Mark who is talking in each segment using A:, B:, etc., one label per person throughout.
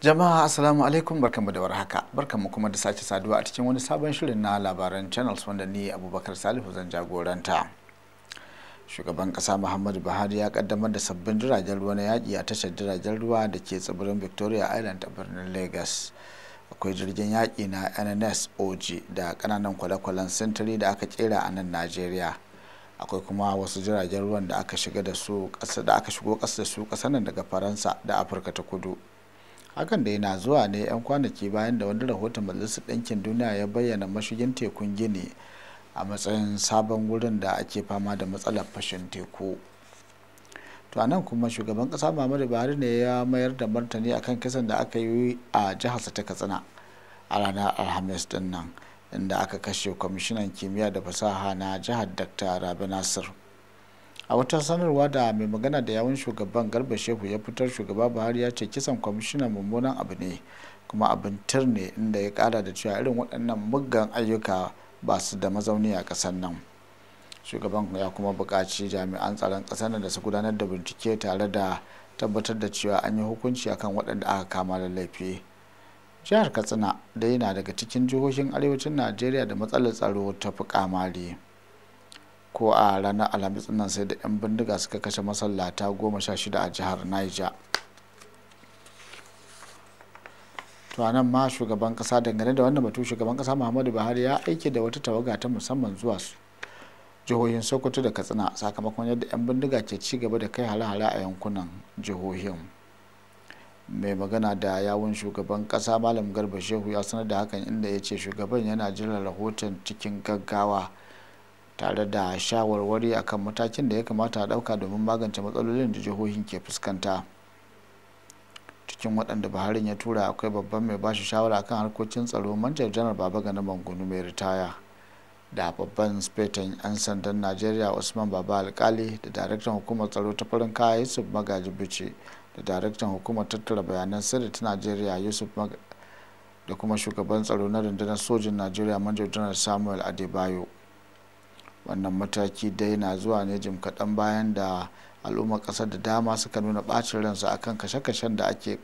A: Jama'a Assalamu alaikum barkanmu da warhaka barkanmu kuma da sake saduwa a cikin wani sabon shirin na labaran channels wanda ni Abubakar Salihu zan jagoranta. Shugaban kasa Muhammadu Buhari ya kaddamar da sabbin jiragen ruwa na yaƙi a tashar jiragen ruwa da ke tsibirin Victoria Island a birnin Lagos. Akwai jirgin yaƙi na NNS OG da kananan kwale-kwalen sintiri da aka kera a nan Najeriya. akwai kuma wasu jiragen ruwan da aka shigo kasa da su kasanan nan daga faransa da afirka ta kudu hakan da yana zuwa ne 'yan kwanaki bayan da wani rahoton majalisar ɗinkin duniya ya bayyana mashigin tekun gini a matsayin sabon wurin da ake fama da matsalar fashin teku to a nan kuma shugaban ƙasa muhammadu buhari ne ya mayar da martani akan kisan da aka yi a jiharsa ta katsina a ranar alhamis din nan inda aka kashe kwamishinan kimiyya da fasaha na jihar dr rabi nasir a wata sanarwa da mai magana da yawun shugaban garba shehu ya fitar shugaba buhari ya ce kisan kwamishinan mummunan abu ne kuma abin ne inda ya kara da cewa irin waɗannan muggan ayyuka ba su da mazauni a ƙasar nan shugaban ya kuma buƙaci jami'an tsaron ƙasar nan da su gudanar da bincike tare da tabbatar da cewa an yi hukunci akan waɗanda aka kama da laifi jihar katsina dai na daga cikin jihohin arewacin najeriya da matsalar tsaro ta fi kamari. ko a ranar alhamis nan sai da 'yan bindiga suka kashe masallata goma sha shida a jihar niger to nan ma shugaban kasa dangane da wannan batu shugaban kasa muhammadu buhari ya aike da wata tawaga ta musamman zuwa su jihohin sokoto da katsina sakamakon yadda 'yan bindiga ke ci gaba da kai hale a yankunan jihohin mai magana da yawun shugaban kasa malam garba shehu ya sanar da hakan inda ya ce shugaban yana jiran rahoton cikin gaggawa tare da shawarwari akan matakin da ya kamata a ɗauka domin magance matsalolin da jihohin ke fuskanta cikin waɗanda baharin ya tura akwai babban mai bashi shawara akan harkokin tsaro manjar janar baba na mangunu mai ritaya da babban spetan 'yan sandan najeriya usman baba alkali da daraktan hukumar tsaro ta farin kaya yusuf magaji bice da daraktan hukumar tattara bayanan sirri ta najeriya yusuf da kuma shugaban tsaro na rundunar sojin najeriya manjar janar samuel adebayo wannan mataki dai na zuwa ne jim kaɗan bayan da al'ummar ƙasar da dama suka nuna ɓacin ransu kan kashe-kashen da ake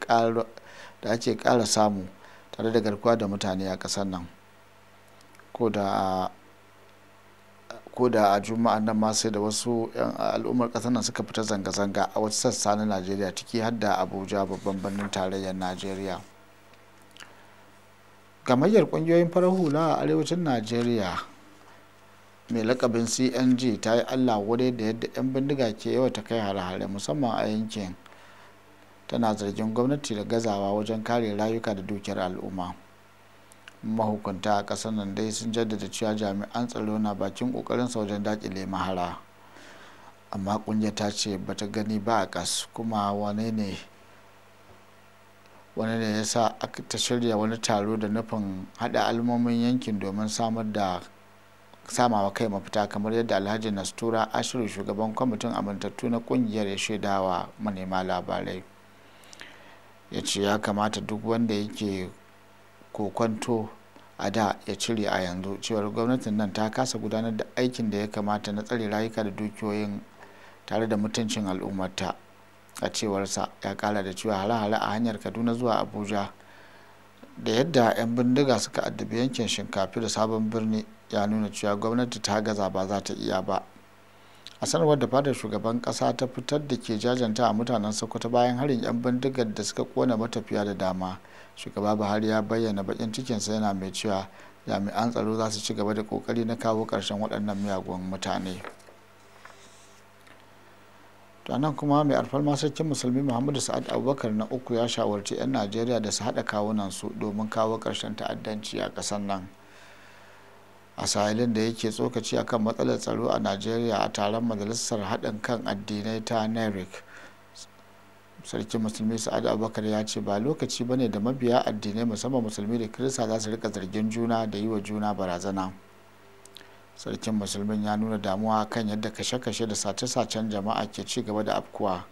A: ƙara samu tare da garkuwa da mutane a ƙasar nan ko da a juma'an nan ma sai da wasu 'yan al'ummar ƙasar nan suka fita zanga-zanga a wasu sassa na najeriya ciki har da abuja babban birnin tarayyar najeriya gamayyar ƙungiyoyin farar hula a arewacin najeriya mai lakabin cng ta yi allah wadai da yadda 'yan bindiga ke yawa ta kai hare-hare musamman a yankin tana zargin gwamnati da gazawa wajen kare rayuka da dukiyar al'umma mahukunta a ƙasar nan dai sun jaddada cewa jami'an tsaro na bakin ƙoƙarin sa wajen daƙile mahara amma ƙungiyar ta ce bata gani ba a ƙas kuma wane ne wani ne ya sa ta shirya wani taro da nufin haɗa almomin yankin domin samar da samawa kai mafita kamar yadda alhaji nastura ashiru shugaban kwamitin amintattu na kungiyar ya shaidawa manema labarai ya ce ya kamata duk wanda yake kokwanto a da ya cire a yanzu cewar gwamnatin nan ta kasa gudanar da aikin da ya kamata na tsare rayuka da dukiyoyin tare da mutuncin al'ummata a cewarsa ya kara da cewa hare-hare a hanyar kaduna zuwa abuja da yadda 'yan bindiga suka addabi yankin shinkafi da sabon birni ya nuna cewa gwamnati ta gaza ba za ta iya ba a sanarwar da fadar shugaban kasa ta fitar da ke jajanta a mutanen sokoto bayan harin 'yan bindigar da suka kona matafiya da dama shugaba buhari ya bayyana bakin cikinsa yana mai cewa jami'an tsaro za su ci gaba da kokari na kawo karshen waɗannan miyagun mutane nan kuma mai alfarma sarkin musulmi muhammadu sa'ad abubakar na uku ya shawarci 'yan najeriya da su haɗa kawunan su domin kawo ƙarshen ta'addanci a ƙasar nan a sahilin da yake tsokaci akan matsalar tsaro a najeriya a taron majalisar haɗin kan addinai ta nerik sarki musulmi sa'ad abubakar ya ce ba lokaci ba ne da mabiya addinai musamman musulmi da kirista za su rika zargin juna da yi wa juna barazana sarkin musulmin ya nuna damuwa kan yadda kashe-kashe da sace-sacen jama'a ke ci gaba da afkuwa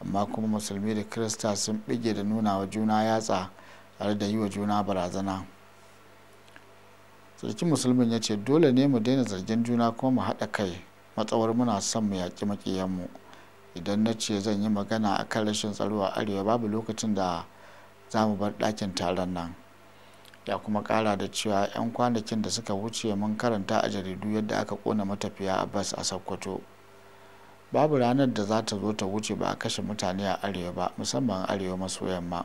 A: amma kuma musulmi da kirista sun bige da nuna wa juna yatsa tare da yi wa juna barazana sarkin musulmin ya ce dole ne mu daina zargin juna kuma mu haɗa kai matsawar muna son mu yaƙi maƙiyanmu idan na ce zan yi magana a kan rashin tsaro a arewa babu lokacin da za mu bar ɗakin taron nan ya kuma ƙara da cewa 'yan kwanakin da suka wuce mun karanta a jaridu yadda aka ƙona matafiya a bas a sokoto babu ranar da za ta zo ta wuce ba a kashe mutane a arewa ba musamman arewa maso yamma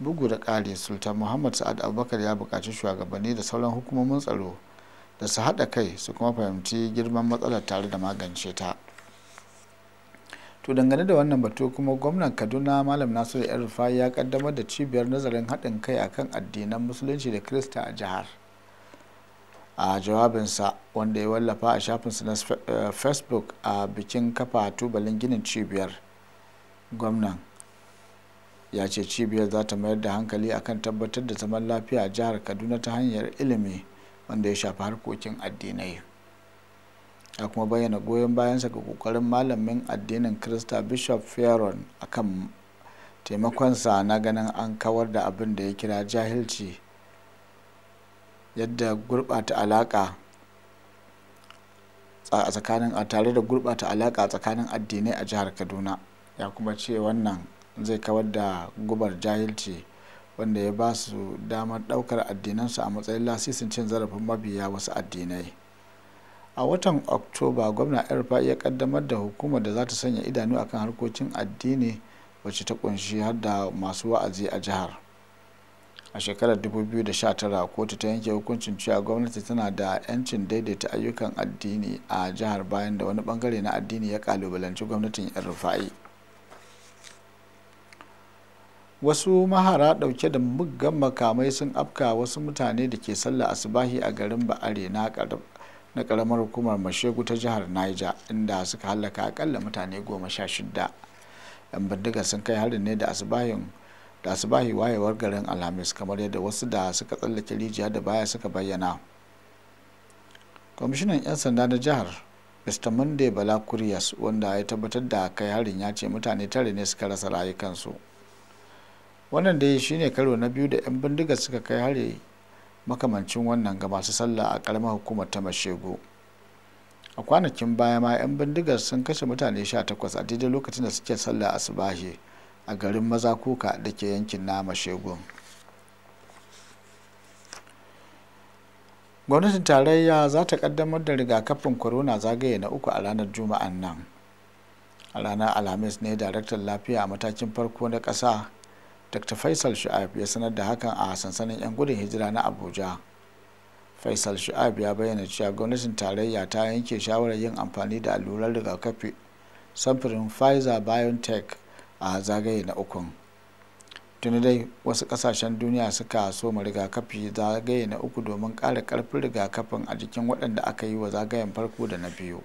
A: bugu da ƙari sultan muhammad sa'ad abubakar ya buƙaci shugabanni da sauran hukumomin tsaro da su haɗa kai su kuma fahimci girman matsalar tare da magance ta to dangane da wannan batu kuma gwamnan kaduna malam nasiru yan rufai ya kaddamar da cibiyar nazarin haɗin kai akan addinan musulunci da kirista a jihar a jawabinsa wanda ya wallafa a shafinsa na eh, facebook a bikin kafa tubalin ginin cibiyar gwamnan ya ce cibiyar za ta mayar da hankali akan tabbatar da zaman lafiya a jihar kaduna ta hanyar ilimi wanda ya shafi harkokin addinai ya kuma bayyana goyon bayansa ga kokarin malamin addinin krista bishop feron akan taimakonsa na ganin an kawar da abin da ya kira jahilci yadda gurɓata alaƙa a tsakanin a tare da gurɓata alaƙa tsakanin addinai a jihar kaduna ya kuma ce wannan zai kawar da gubar jahilci wanda ya ba su damar ɗaukar addinansu a matsayin lasisin cin zarafin mabiya wasu addinai a watan oktoba gwamna fa'i ya kaddamar da hukumar da za ta sanya idanu akan harkokin addini wacce ta kunshi har da masu wa'azi a jihar a shekarar 2019 kotu ta yanke hukuncin cewa gwamnati tana da 'yancin daidaita ayyukan addini a jihar bayan da wani bangare na addini ya kalubalanci gwamnatin yan rufa'i wasu mahara dauke da muggan makamai sun afka wasu mutane da ke sallah asubahi a garin ba'are na karamar hukumar mashegu ta jihar niger inda suka hallaka akalla mutane goma sha shida yan bindiga sun kai harin ne da asubahin da asubahi wayewar garin alhamis kamar yadda wasu da suka tsallake rijiya da baya suka bayyana kwamishinan 'yan sanda na jihar mr monday bala kuriyas wanda ya tabbatar da kai harin ya ce mutane tare ne suka rasa rayukansu wannan dai shine karo na biyu da 'yan bindiga suka kai hari makamancin wannan ga masu sallah a karamar hukumar ta mashego a kwanakin baya ma 'yan bindiga sun kashe mutane 18 a daidai lokacin da suke sallah asubahi a garin maza kuka da ke yankin na mashego gwamnatin tarayya za ta kaddamar da rigakafin corona zagaye na uku a ranar juma'an nan a ranar alhamis ne daraktan lafiya a matakin farko na ƙasa dr faisal shu'aib ya sanar da hakan a sansanin 'yan gudun hijira na abuja faisal shu'aib ya bayyana cewa gwamnatin tarayya ta yanke shawarar yin amfani da allurar rigakafi samfurin pfizer biontech a zagaye na ukun tuni dai wasu kasashen duniya suka soma rigakafi zagaye na uku domin ƙara ƙarfin rigakafin a jikin waɗanda aka yi wa zagayen farko da na biyu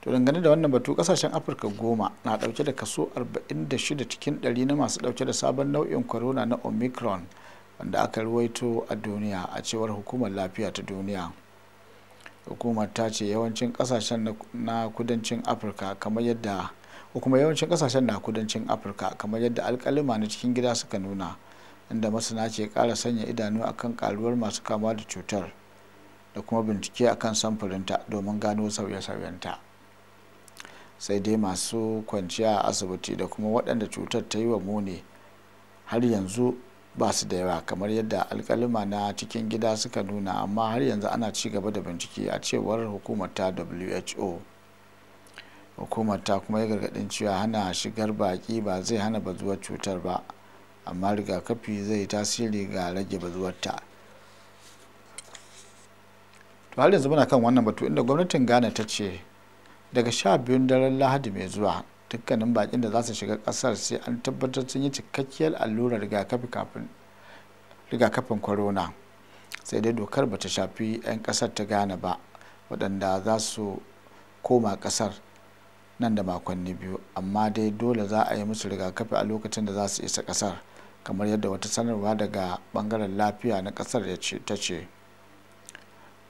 A: to dangane da wannan batu kasashen afirka goma na dauke da kaso 46 cikin 100 na masu dauke da sabon nau'in corona na omicron wanda aka ruwaito a duniya a cewar hukumar lafiya ta duniya hukumar ta ce yawancin kasashen na kudancin afirka kamar yadda kuma yawancin kasashen na kudancin afirka kamar yadda alkalima na cikin gida suka nuna inda masana ce kara sanya idanu akan karuwar masu kama da cutar da kuma bincike akan samfurinta domin gano sauye-sauyenta. sai dai masu kwanciya a asibiti da kuma waɗanda cutar ta yi wa muni har yanzu ba su da yawa kamar yadda alkalima na cikin gida suka nuna amma har yanzu ana ci gaba da bincike a cewar hukumar ta who hukumar ta kuma ya gargaɗin cewa hana shigar baƙi ba zai hana bazuwar cutar ba amma rigakafi zai tasiri ga rage bazuwarta to har yanzu muna kan wannan batu inda gwamnatin ghana ta ce daga sha biyun daren lahadi mai zuwa dukkanin bakin da za su shiga kasar sai an tabbatar sun yi cikakkiyar allurar rigakafin corona sai dai dokar ba ta shafi 'yan kasar ta gane ba waɗanda za su koma kasar nan da makonni biyu amma dai dole za a yi musu rigakafi a lokacin da za su isa kasar kamar yadda wata sanarwa daga bangaren lafiya na kasar ta ce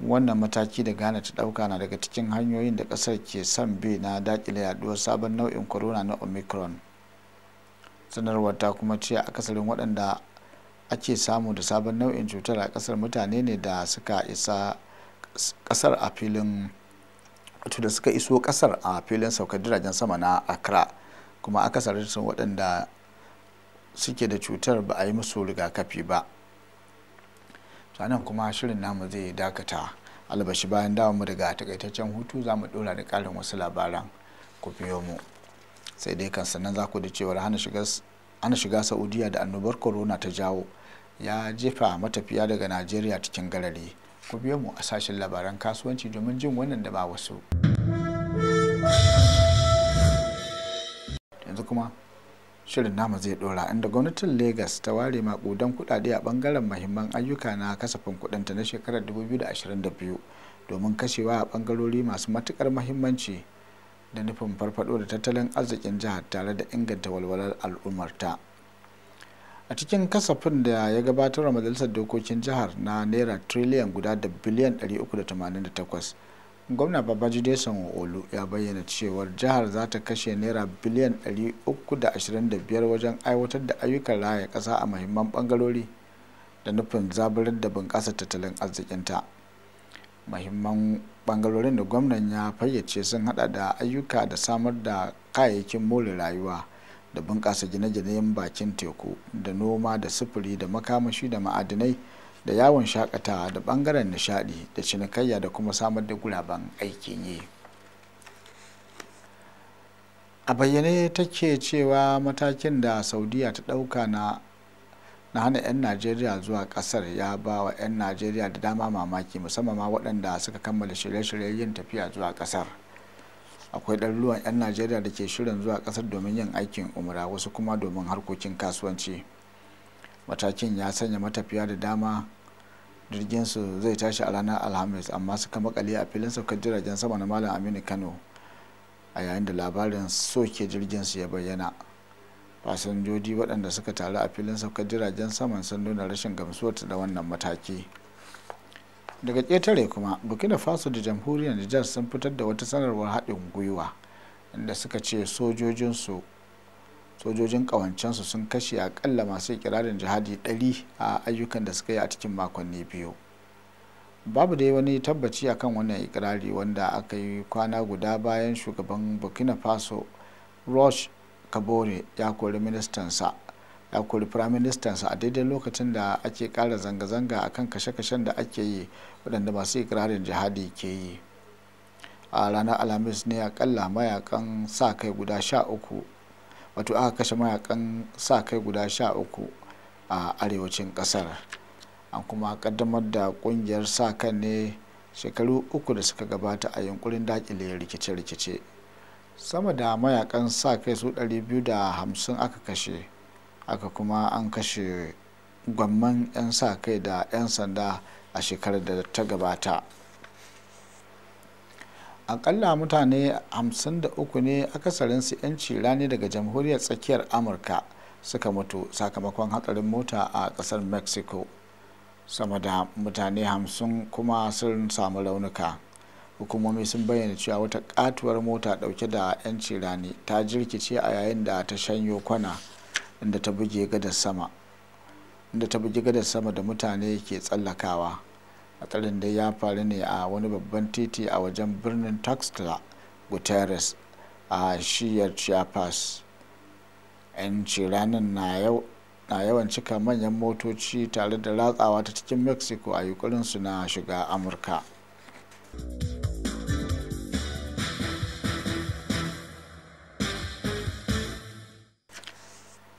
A: wannan mataki da ghana ta dauka na daga cikin hanyoyin da kasar ke son bi na dakile yaduwar sabon nau'in corona na omicron sanarwar ta kuma ce akasarin waɗanda ake samu da sabon nau'in cutar a kasar mutane ne da suka isa kasar a filin wato da suka iso kasar a filin saukar jiragen sama na accra kuma akasarin waɗanda suke da cutar ba a yi musu rigakafi ba sannan kuma shirin namu zai dakata albashi bayan dawo mu daga takaitaccen hutu za mu dora da karin wasu labaran ku biyo mu sai dai kan sannan za ku da cewar hana shiga saudiya da annobar corona ta jawo ya jefa matafiya daga najeriya cikin garare ku biyo mu a sashen labaran kasuwanci domin jin wannan da ba wasu yanzu kuma shirin namu zai dora inda gwamnatin lagos ta ware makudan kudade a bangaren mahimman ayyuka na kasafin kudinta na shekarar 2022 domin kashewa a bangarori masu matukar mahimmanci da nufin farfado da tattalin arzikin jihar tare da inganta walwalar al'ummarta a cikin kasafin da ya gabatar wa majalisar dokokin jihar na naira triliyan guda da biliyan 388 gwamna babajide sanwo-olu ya bayyana cewar jihar za ta kashe naira biliyan 325 wajen aiwatar da ayyukan raya ƙasa a mahimman bangarori da nufin zaburar da bunƙasa tattalin arzikinta mahimman bangarorin da gwamnan ya fayyace sun hada da ayyuka da samar da kayayyakin more rayuwa da bunƙasa gine-ginen bakin teku da noma da sufuri da makamashi da ma'adinai da yawon shakatawa da bangaren nishadi da cinikayya da kuma samar da guraben aikin yi a bayyane take cewa matakin da saudiya ta dauka na na hana 'yan najeriya zuwa kasar ya ba wa 'yan najeriya da dama mamaki musamman ma waɗanda suka kammala shirye-shiryen yin tafiya zuwa kasar akwai ɗaruruwan 'yan najeriya da ke shirin zuwa kasar domin yin aikin umra wasu kuma domin harkokin kasuwanci. matakin ya sanya matafiya da dama jirginsu zai tashi a ranar alhamis amma suka makale a filin saukar jiragen sama na malam aminu kano a yayin da labarin soke jirginsu ya bayyana fasinjoji waɗanda suka taru a filin saukar jiragen sama sun nuna rashin gamsuwa da wannan mataki daga ƙetare kuma burkina faso da jamhuriyar nijar sun fitar da wata sanarwar haɗin gwiwa inda suka ce sojojinsu sojojin kawancensu sun kashe akalla masu ikirarin jihadi 100 a ayyukan da suka yi a cikin makonni biyu babu dai wani tabbaci akan wannan ikirari wanda aka yi kwana guda bayan shugaban burkina faso roch kabore ya kori ministansa ya kori firaministansa a daidai lokacin da ake kara zanga-zanga a kan kashe-kashen da ake yi waɗanda masu ikirarin jihadi ke yi a ranar alhamis ne akalla mayakan sa kai guda sha uku wato aka kashe mayakan sa kai guda sha uku a arewacin kasar an kuma kaddamar da kungiyar sa kan ne shekaru uku da suka gabata a yunkurin dakile rikice-rikice sama da mayakan sa kai su 250 aka kashe aka kuma an kashe gwamman 'yan sa kai da 'yan sanda a shekarar da ta gabata akalla mutane 53 ne akasarin su 'yanci rani daga jamhuriyar tsakiyar amurka suka mutu sakamakon hatsarin mota a kasar mexico sama da mutane 50 kuma sun samu raunuka hukumomi sun bayyana cewa wata katuwar mota dauke da 'yanci rani ta jirkice a yayin da ta shanyo kwana inda ta buge gadar sama da mutane ke tsallakawa hatsarin da ya faru ne a wani babban titi a wajen birnin tuxtla guterres a shiyar chiapas 'yanci ranar na yawan cika manyan motoci tare da ratsawa ta cikin mexico a yukurinsu na shiga amurka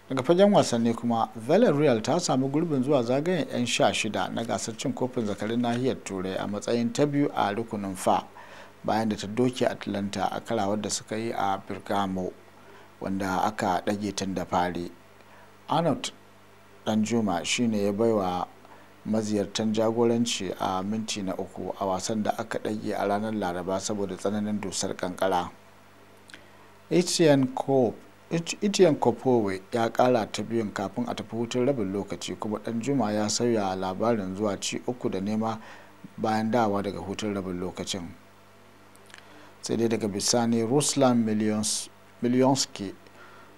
A: daga fagen wasanni kuma villarreal ta samu gurbin zuwa zagayen 'yan sha shida na gasar cin kofin zakarin nahiyar turai a matsayin ta biyu a rukunin fa bayan da ta doke atlanta a karawar da suka yi a bergamo wanda aka ɗage tun da fari arnold danjuma shine ya baiwa maziyartan jagoranci a minti na uku a wasan da aka ɗage a ranar laraba saboda tsananin dusar kankara HCN cope etienne kopowe ya kara ta biyun kafin a tafi hutun rabin lokaci kuma dan juma ya sauya labarin zuwa ci uku da nema bayan dawa daga hutun rabin lokacin sai dai daga bisani ruslan miliyonski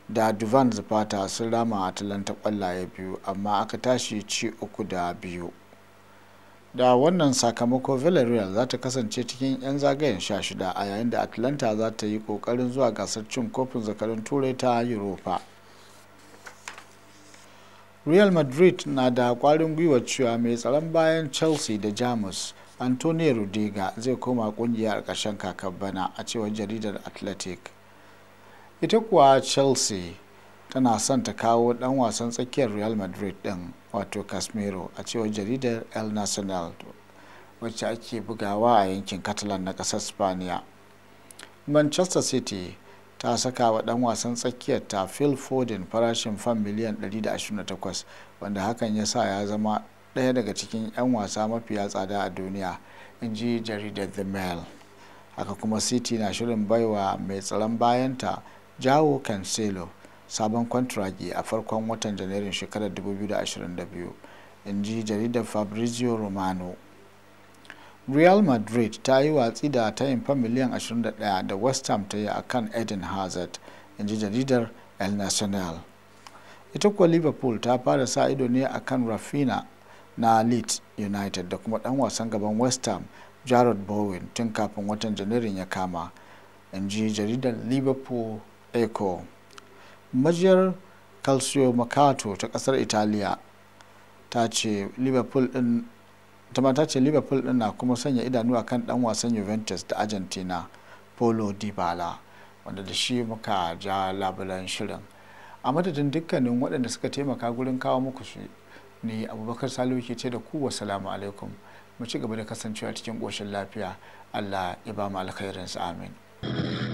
A: da duvan zapata sun rama a talanta kwallaye biyu amma aka tashi ci uku da biyu da wannan sakamako villarreal za ta kasance cikin 'yan zagayen 16 a yayin da atlanta za ta yi kokarin zuwa gasar cin kofin zakarin turai ta europa real madrid na da kwarin gwiwa cewa mai tsaron bayan chelsea da jamus antonio rudiga zai koma kungiyar ƙarshen kakar bana a cewar jaridar atletic ita kuwa chelsea tana son ta kawo dan wasan tsakiyar real madrid din wato casmiro a cewar jaridar el nacional wacce ake bugawa a yankin catalan na kasar spaniya manchester city ta saka wa dan wasan tsakiyar ta phil foden farashin fam miliyan 128 wanda hakan ya sa ya zama daya daga cikin 'yan wasa mafiya tsada a duniya in ji jaridar the mail haka kuma city na shirin baiwa mai tsaron bayanta jawo cancelo sabon kwantiragi a farkon watan janairun shekarar 2022 in ji jaridar fabrizio romano real madrid ta yi watsi da tayin miliyan 21 da west ham ta yi a kan eden hazard in ji jaridar el nacional ita kuwa liverpool ta fara sa ido ne a kan rafina na leeds united da kuma dan wasan gaban west ham jared bowen tun kafin watan janairun ya kama in ji jaridar liverpool echo majiyar calcio mercato ta kasar italiya ta ce liverpool din na kuma sanya idanu a kan dan wasan juventus da argentina polo dybala wanda da shi muka ja labulan shirin a madadin dukkanin waɗanda suka taimaka gurin kawo muku shi ne abubakar salihu ke ce da ku wasalamu alaikum mu ci gaba da kasancewa cikin ƙoshin lafiya allah ya ba mu alkhairinsa amin